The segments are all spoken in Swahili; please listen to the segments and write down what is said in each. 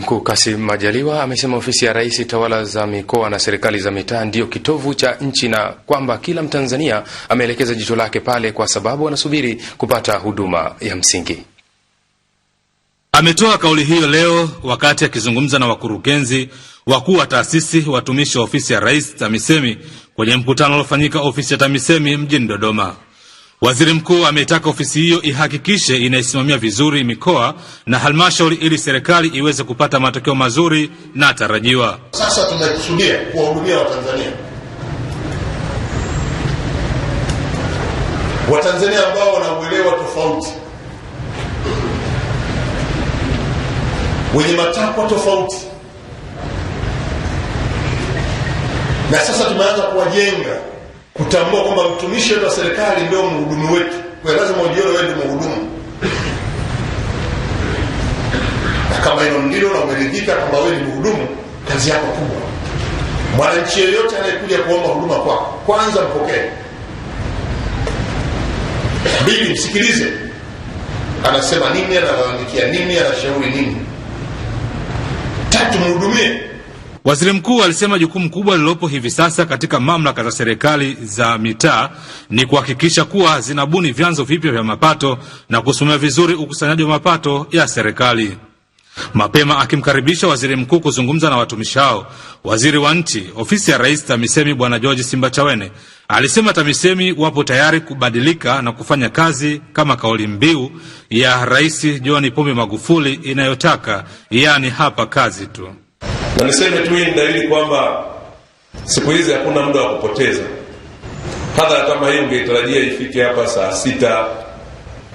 mkuu Kasim Majaliwa amesema ofisi ya rais, tawala za mikoa na serikali za mitaa ndiyo kitovu cha nchi na kwamba kila Mtanzania ameelekeza jicho lake pale kwa sababu anasubiri kupata huduma ya msingi. Ametoa kauli hiyo leo wakati akizungumza na wakurugenzi wakuu wa taasisi watumishi wa ofisi ya rais TAMISEMI kwenye mkutano uliofanyika ofisi ya TAMISEMI mjini Dodoma. Waziri Mkuu ametaka ofisi hiyo ihakikishe inaisimamia vizuri mikoa na halmashauri ili serikali iweze kupata matokeo mazuri na tarajiwa. Sasa tunakusudia kuwahudumia Watanzania, Watanzania ambao wanauelewa tofauti, wenye matakwa tofauti, na sasa tumeanza kuwajenga kutambua kwamba mtumishi wetu wa serikali ndio mhudumu wetu kwa lazima ujiole wewe ndio mhudumu na kama hilo ndilo na umeridhika kwamba wewe ni mhudumu kazi yako kubwa mwananchi yeyote anayekuja kuomba huduma kwako kwanza mpokee mbili msikilize anasema nini anawaandikia nini anashauri nini tatu mhudumie Waziri mkuu alisema jukumu kubwa lililopo hivi sasa katika mamlaka za serikali za mitaa ni kuhakikisha kuwa zinabuni vyanzo vipya vya mapato na kusimamia vizuri ukusanyaji wa mapato ya serikali. Mapema akimkaribisha waziri mkuu kuzungumza na watumishi hao, waziri wa nchi ofisi ya rais TAMISEMI Bwana George Simbachawene alisema TAMISEMI wapo tayari kubadilika na kufanya kazi kama kauli mbiu ya Rais John Pombe Magufuli inayotaka, yaani hapa kazi tu na niseme tu hili dalili kwamba siku hizi hakuna muda wa kupoteza. Hadhara kama hii ungeitarajia ifike hapa saa sita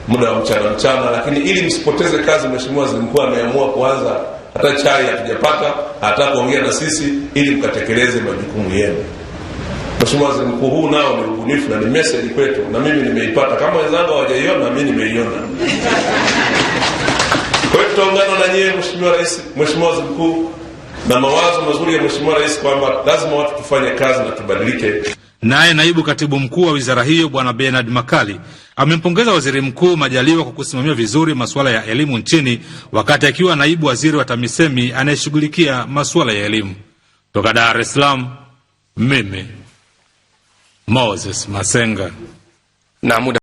muda wa mchana mchana, lakini ili msipoteze kazi, Mheshimiwa zilimkuwa ameamua kuanza, hata chai hatujapata, hata kuongea na sisi ili mkatekeleze majukumu yenu. Mheshimiwa Waziri Mkuu, huu nao ni ubunifu na ni meseji kwetu, na mimi nimeipata kama wenzangu hawajaiona, mi nimeiona. Kwa hiyo tutaungana na nyewe, mweshimiwa Rais, Mheshimiwa Waziri Mkuu na mawazo mazuri ya Mheshimiwa Rais kwamba lazima watu tufanye kazi na tubadilike. Naye naibu katibu mkuu wa wizara hiyo Bwana Bernard Makali amempongeza Waziri Mkuu Majaliwa kwa kusimamia vizuri masuala ya elimu nchini wakati akiwa naibu waziri wa TAMISEMI anayeshughulikia masuala ya elimu. Toka Dar es Salaam, mimi Moses Masenga na muda